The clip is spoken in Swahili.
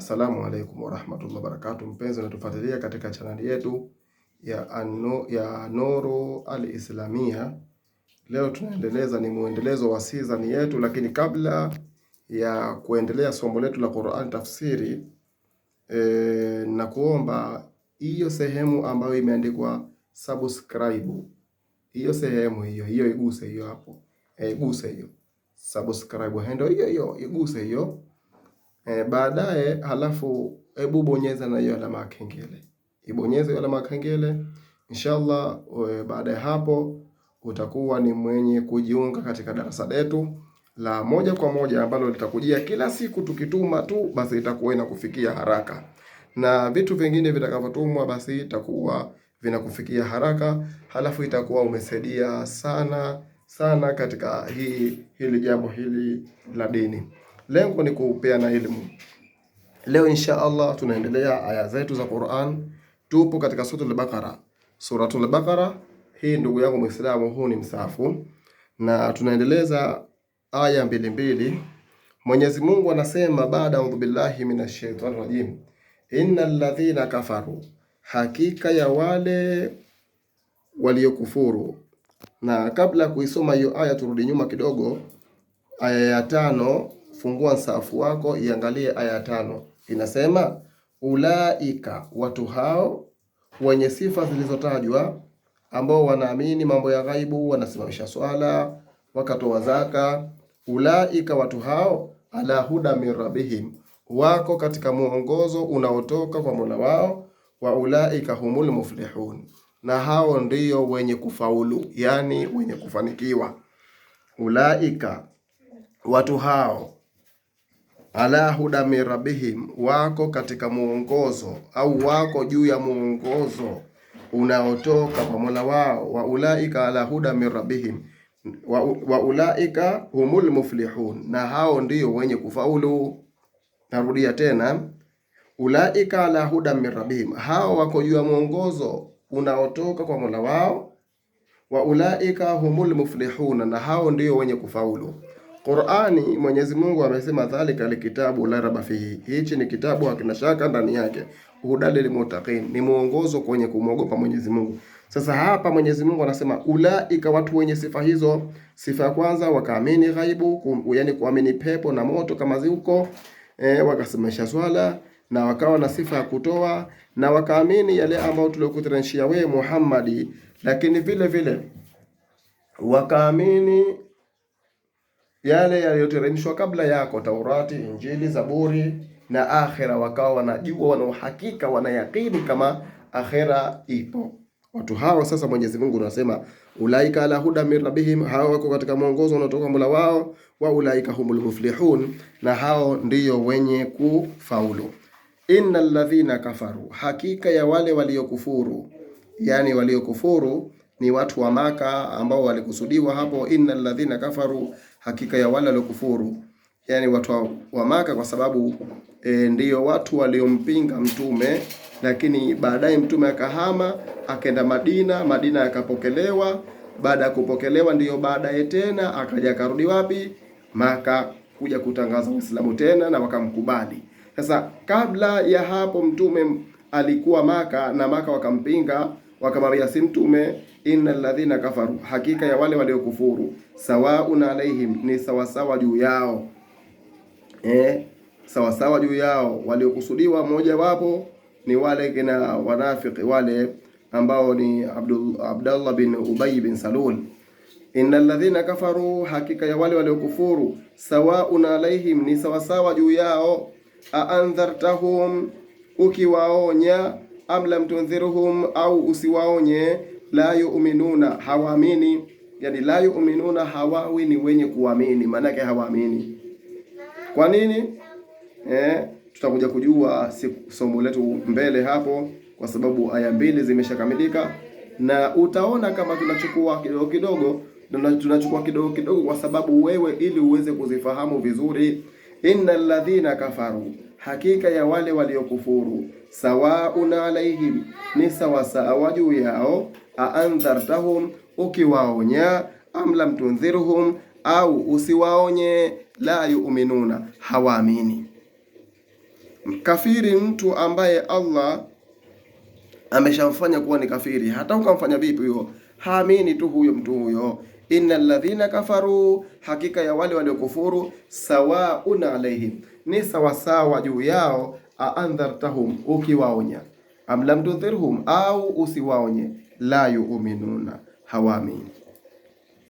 Assalamu alaikum warahmatullahi wabarakatuh. Mpenzi unatufuatilia katika chaneli yetu ya, ano, ya Nuru Al Islamia. Leo tunaendeleza, ni muendelezo wa season yetu, lakini kabla ya kuendelea somo letu la Qur'an tafsiri e, eh, na kuomba hiyo sehemu ambayo imeandikwa subscribe, hiyo sehemu hiyo hiyo iguse hiyo hapo eh, iguse hiyo subscribe hendo hiyo hiyo iguse hiyo E, baadaye halafu hebu bonyeza na hiyo alama ya kengele. Ibonyeze alama ya kengele. Inshallah eh, baada ya hapo utakuwa ni mwenye kujiunga katika darasa letu la moja kwa moja ambalo litakujia kila siku tukituma tu, basi itakuwa inakufikia haraka, na vitu vingine vitakavyotumwa basi itakuwa vinakufikia haraka. Halafu itakuwa umesaidia sana sana katika hii hili jambo hili la dini lengo ni kupeana elimu. Leo insha Allah tunaendelea aya zetu za Qur'an. Tupo katika suratul Baqara, suratul Baqara hii, ndugu yangu Muislamu, huu ni msafu na tunaendeleza aya mbili mbili. Mwenyezi Mungu anasema baada, audhu billahi minashaitani rajim, innal ladhina kafaru, hakika ya wale waliokufuru. Na kabla ya kuisoma hiyo aya turudi nyuma kidogo, aya ya tano fungua nsafu wako iangalie aya tano. Inasema ulaika, watu hao wenye sifa zilizotajwa ambao wanaamini mambo ya ghaibu, wanasimamisha swala, wakatoa zaka. Ulaika, watu hao ala huda min rabbihim, wako katika mwongozo unaotoka kwa Mola wao. Wa ulaika humul muflihun, na hao ndiyo wenye kufaulu, yani wenye kufanikiwa. Ulaika, watu hao ala huda min rabbihim, wako katika mwongozo au wako juu ya mwongozo unaotoka kwa Mola wao. Wa ulaika ala huda min rabbihim wa, wa ulaika humul muflihun, na hao ndio wenye kufaulu. Narudia tena, ulaika ala huda min rabbihim, hao wako juu ya mwongozo unaotoka kwa Mola wao. Wa ulaika humul muflihun, na hao ndio wenye kufaulu. Qur'ani Mwenyezi Mungu amesema dhalika alkitabu la raba fihi, hichi ni kitabu hakina shaka ndani yake, hudan muttaqin, ni mwongozo kwenye kumwogopa Mwenyezi Mungu. Sasa hapa Mwenyezi Mungu anasema ulaika, watu wenye sifa hizo. Sifa ya kwanza wakaamini ghaibu, yani kuamini pepo na moto kama ziko e, wakasemesha swala na wakawa na sifa ya kutoa na wakaamini yale ambayo tuliokuteremshia wewe Muhammad, lakini vile vile wakaamini yale yaliyoteremshwa kabla yako, Taurati, Injili, Zaburi na akhera, wakawa wanajua, wana uhakika, yakini kama akhera ipo. Watu hao sasa, Mwenyezi Mungu anasema ulaika ala huda min rabbihim, hao wako katika mwongozo unaotoka mula wao, wa ulaika humul muflihun, na hao ndiyo wenye kufaulu. Innal ladhina kafaru, hakika ya wale waliokufuru, yani waliokufuru ni watu wa Maka ambao walikusudiwa hapo, innal ladhina kafaru, hakika ya wale waliokufuru, yani watu wa Maka, kwa sababu e, ndiyo watu waliompinga mtume, lakini baadaye mtume akahama akaenda Madina. Madina akapokelewa. Baada ya kupokelewa, ndiyo baadaye tena akaja akarudi wapi? Maka kuja kutangaza Uislamu tena, na wakamkubali. Sasa kabla ya hapo mtume alikuwa Maka na Maka wakampinga wakamwambia si mtume, inna alladhina kafaru, hakika ya wale waliokufuru, sawaun alaihim, ni sawasawa juu yao eh, sawasawa juu yao. Waliokusudiwa moja wapo ni wale kina wanafiki wale ambao ni Abdul, Abdullah bin Ubay bin Salul. Inna alladhina kafaru, hakika ya wale waliokufuru, sawaun alaihim, ni sawasawa juu yao. Aandhartahum, ukiwaonya am lam tundhirhum, au usiwaonye, la yu'minuna, hawaamini. Yani la yu'minuna, hawawi ni wenye kuamini, maanake hawaamini. Kwa nini? Eh, tutakuja kujua somo letu mbele hapo, kwa sababu aya mbili zimeshakamilika na utaona kama tunachukua kidogo kidogo, tunachukua kidogo kidogo, kwa sababu wewe, ili uweze kuzifahamu vizuri. innal ladhina kafaru hakika ya wale waliokufuru, sawaun alaihim, ni sawasawa juu yao, aandhartahum, ukiwaonya, am lam tundhirhum, au usiwaonye, la yu'minuna, hawaamini. Kafiri mtu ambaye Allah ameshamfanya kuwa ni kafiri, hata ukamfanya vipi huyo, haamini tu huyo mtu huyo. Innal ladhina kafaru, hakika ya wale waliokufuru, sawaun alaihim ni sawasawa juu yao, aandhartahum, ukiwaonya, tudhirhum au usiwaonye, la yuuminuna, hawaamini.